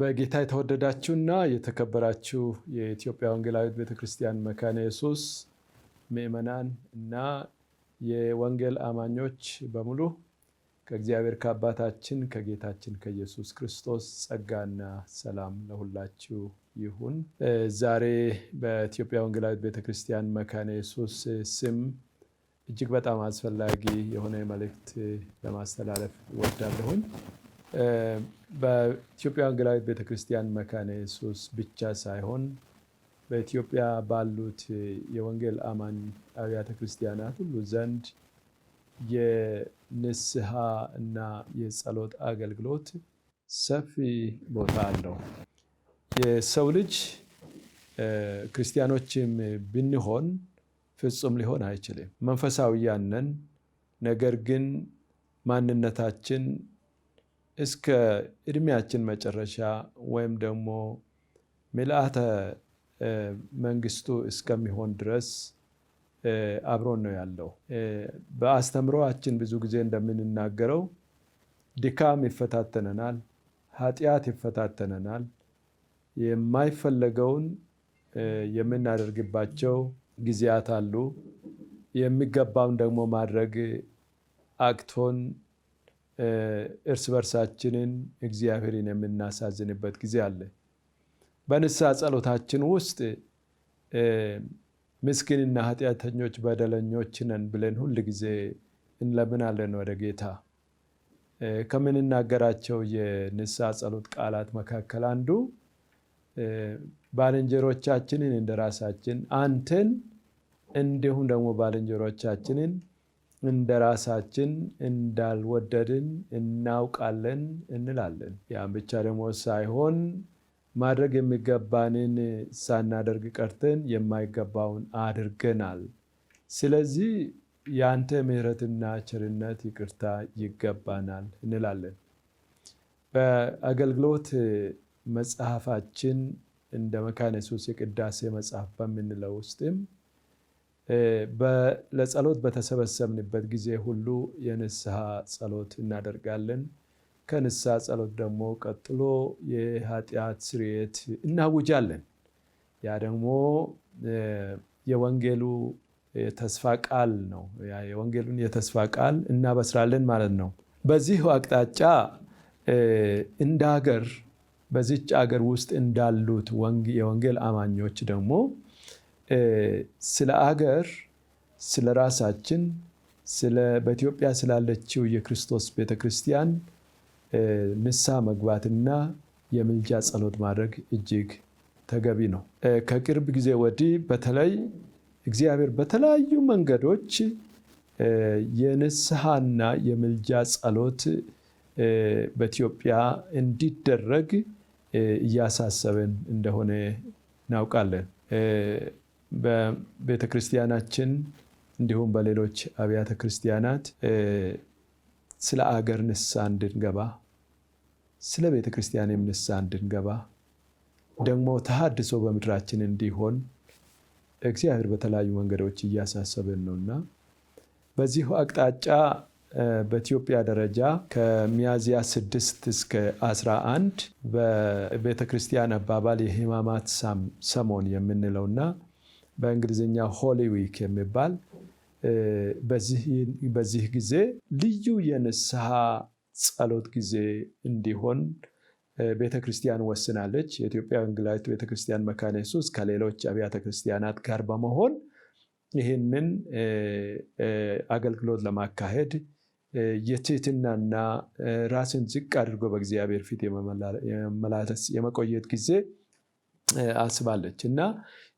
በጌታ የተወደዳችሁና የተከበራችሁ የኢትዮጵያ ወንጌላዊት ቤተክርስቲያን መካነ ኢየሱስ ምእመናን እና የወንጌል አማኞች በሙሉ ከእግዚአብሔር ከአባታችን ከጌታችን ከኢየሱስ ክርስቶስ ጸጋና ሰላም ለሁላችሁ ይሁን። ዛሬ በኢትዮጵያ ወንጌላዊት ቤተክርስቲያን መካነ ኢየሱስ ስም እጅግ በጣም አስፈላጊ የሆነ መልእክት ለማስተላለፍ እወዳለሁኝ። በኢትዮጵያ ወንጌላዊት ቤተክርስቲያን መካነ ኢየሱስ ብቻ ሳይሆን በኢትዮጵያ ባሉት የወንጌል አማኝ አብያተ ክርስቲያናት ሁሉ ዘንድ የንስሐ እና የጸሎት አገልግሎት ሰፊ ቦታ አለው። የሰው ልጅ ክርስቲያኖችም ብንሆን ፍጹም ሊሆን አይችልም። መንፈሳዊ ያነን ነገር ግን ማንነታችን እስከ እድሜያችን መጨረሻ ወይም ደግሞ ምልአተ መንግስቱ እስከሚሆን ድረስ አብሮን ነው ያለው። በአስተምሮአችን ብዙ ጊዜ እንደምንናገረው ድካም ይፈታተነናል፣ ኃጢአት ይፈታተነናል። የማይፈለገውን የምናደርግባቸው ጊዜያት አሉ። የሚገባውን ደግሞ ማድረግ አቅቶን እርስ በርሳችንን እግዚአብሔርን የምናሳዝንበት ጊዜ አለ። በንስሐ ጸሎታችን ውስጥ ምስኪንና ኃጢአተኞች በደለኞች ነን ብለን ሁል ጊዜ እንለምናለን ወደ ጌታ። ከምንናገራቸው የንስሐ ጸሎት ቃላት መካከል አንዱ ባልንጀሮቻችንን እንደ ራሳችን አንተን እንዲሁም ደግሞ ባልንጀሮቻችንን እንደ ራሳችን እንዳልወደድን እናውቃለን እንላለን። ያን ብቻ ደግሞ ሳይሆን ማድረግ የሚገባንን ሳናደርግ ቀርተን የማይገባውን አድርገናል። ስለዚህ የአንተ ምሕረትና ቸርነት ይቅርታ ይገባናል እንላለን። በአገልግሎት መጽሐፋችን እንደ መካነ ኢየሱስ የቅዳሴ መጽሐፍ በምንለው ውስጥም ለጸሎት በተሰበሰብንበት ጊዜ ሁሉ የንስሐ ጸሎት እናደርጋለን። ከንስሐ ጸሎት ደግሞ ቀጥሎ የኃጢአት ስርየት እናውጃለን። ያ ደግሞ የወንጌሉ የተስፋ ቃል ነው። የወንጌሉን የተስፋ ቃል እናበስራለን ማለት ነው። በዚህ አቅጣጫ እንደ ሀገር በዚች አገር ውስጥ እንዳሉት የወንጌል አማኞች ደግሞ ስለ አገር፣ ስለ ራሳችን፣ በኢትዮጵያ ስላለችው የክርስቶስ ቤተክርስቲያን ክርስቲያን ንስሐ መግባትና የምልጃ ጸሎት ማድረግ እጅግ ተገቢ ነው። ከቅርብ ጊዜ ወዲህ በተለይ እግዚአብሔር በተለያዩ መንገዶች የንስሐና የምልጃ ጸሎት በኢትዮጵያ እንዲደረግ እያሳሰበን እንደሆነ እናውቃለን። በቤተ ክርስቲያናችን እንዲሁም በሌሎች አብያተ ክርስቲያናት ስለ አገር ንስሐ እንድንገባ ስለ ቤተ ክርስቲያንም ንስሐ እንድንገባ ደግሞ ተሃድሶ በምድራችን እንዲሆን እግዚአብሔር በተለያዩ መንገዶች እያሳሰብን ነውና በዚሁ አቅጣጫ በኢትዮጵያ ደረጃ ከሚያዝያ 6 እስከ 11 በቤተ በቤተክርስቲያን አባባል የህማማት ሰሞን የምንለውና በእንግሊዝኛ ሆሊ ዊክ የሚባል በዚህ ጊዜ ልዩ የንስሐ ጸሎት ጊዜ እንዲሆን ቤተ ክርስቲያን ወስናለች። የኢትዮጵያ ወንጌላዊት ቤተ ክርስቲያን መካነ ኢየሱስ ከሌሎች አብያተ ክርስቲያናት ጋር በመሆን ይህንን አገልግሎት ለማካሄድ የትህትናና ራስን ዝቅ አድርጎ በእግዚአብሔር ፊት የመቆየት ጊዜ አስባለች እና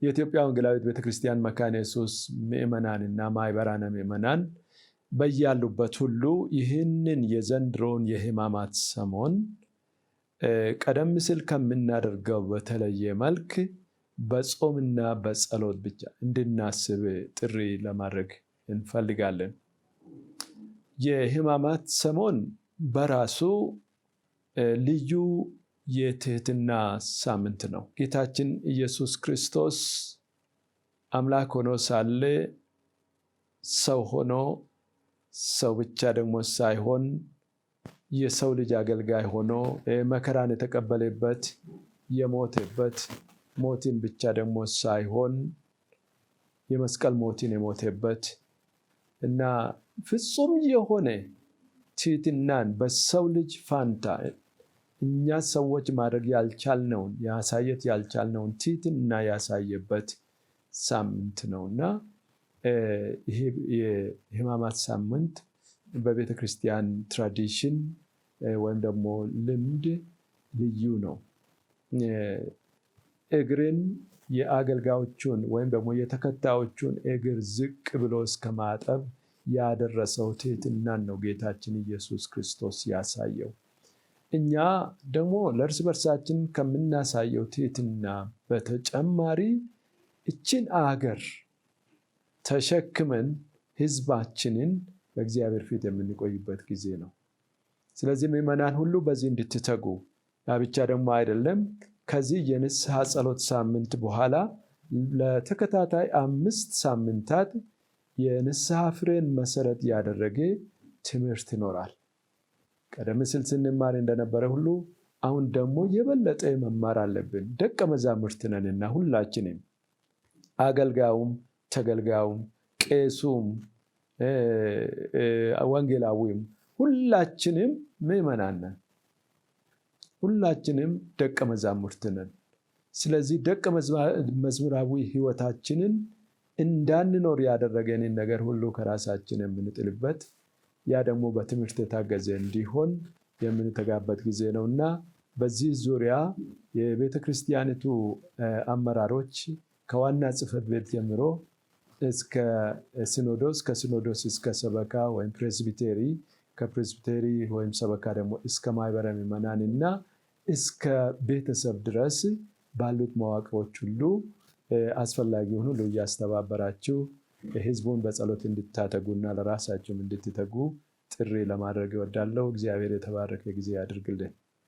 የኢትዮጵያ ወንጌላዊት ቤተክርስቲያን መካነ ኢየሱስ ምእመናን እና ማይበራነ ምዕመናን በያሉበት ሁሉ ይህንን የዘንድሮውን የህማማት ሰሞን ቀደም ሲል ከምናደርገው በተለየ መልክ በጾምና በጸሎት ብቻ እንድናስብ ጥሪ ለማድረግ እንፈልጋለን። የህማማት ሰሞን በራሱ ልዩ የትህትና ሳምንት ነው። ጌታችን ኢየሱስ ክርስቶስ አምላክ ሆኖ ሳለ ሰው ሆኖ ሰው ብቻ ደግሞ ሳይሆን የሰው ልጅ አገልጋይ ሆኖ መከራን የተቀበለበት የሞተበት ሞትን ብቻ ደግሞ ሳይሆን የመስቀል ሞትን የሞተበት እና ፍጹም የሆነ ትህትናን በሰው ልጅ ፋንታ እኛ ሰዎች ማድረግ ያልቻልነውን ያሳየት ያልቻልነውን ትህትና ያሳየበት ሳምንት ነው እና ይሄ የህማማት ሳምንት በቤተ ክርስቲያን ትራዲሽን ወይም ደግሞ ልምድ ልዩ ነው። እግርን የአገልጋዮቹን ወይም ደግሞ የተከታዮቹን እግር ዝቅ ብሎ እስከ ማጠብ ያደረሰው ትህትናን ነው ጌታችን ኢየሱስ ክርስቶስ ያሳየው። እኛ ደግሞ ለእርስ በርሳችን ከምናሳየው ትህትና በተጨማሪ እችን አገር ተሸክመን ህዝባችንን በእግዚአብሔር ፊት የምንቆይበት ጊዜ ነው። ስለዚህ ምዕመናን ሁሉ በዚህ እንድትተጉ ያ ብቻ ደግሞ አይደለም። ከዚህ የንስሐ ጸሎት ሳምንት በኋላ ለተከታታይ አምስት ሳምንታት የንስሐ ፍሬን መሰረት ያደረገ ትምህርት ይኖራል። ቀደም ሲል ስንማር እንደነበረ ሁሉ አሁን ደግሞ የበለጠ መማር አለብን። ደቀ መዛሙርት ነንና ሁላችንም አገልጋዩም፣ ተገልጋዩም፣ ቄሱም፣ ወንጌላዊም ሁላችንም ምዕመናን ነን። ሁላችንም ደቀ መዛሙርት ነን። ስለዚህ ደቀ መዝሙራዊ ሕይወታችንን እንዳንኖር ያደረገንን ነገር ሁሉ ከራሳችን የምንጥልበት ያ ደግሞ በትምህርት የታገዘ እንዲሆን የምንተጋበት ጊዜ ነው እና በዚህ ዙሪያ የቤተ ክርስቲያኒቱ አመራሮች ከዋና ጽህፈት ቤት ጀምሮ እስከ ሲኖዶስ፣ ከሲኖዶስ እስከ ሰበካ ወይም ፕሬስቢቴሪ፣ ከፕሬስቢቴሪ ወይም ሰበካ ደግሞ እስከ ማህበረ ምዕመናን እና እስከ ቤተሰብ ድረስ ባሉት መዋቅሮች ሁሉ አስፈላጊ ሆኑ እያስተባበራችሁ ህዝቡን በጸሎት እንድታተጉና ለራሳችሁም እንድትተጉ ጥሪ ለማድረግ እወዳለሁ። እግዚአብሔር የተባረከ ጊዜ ያድርግልን።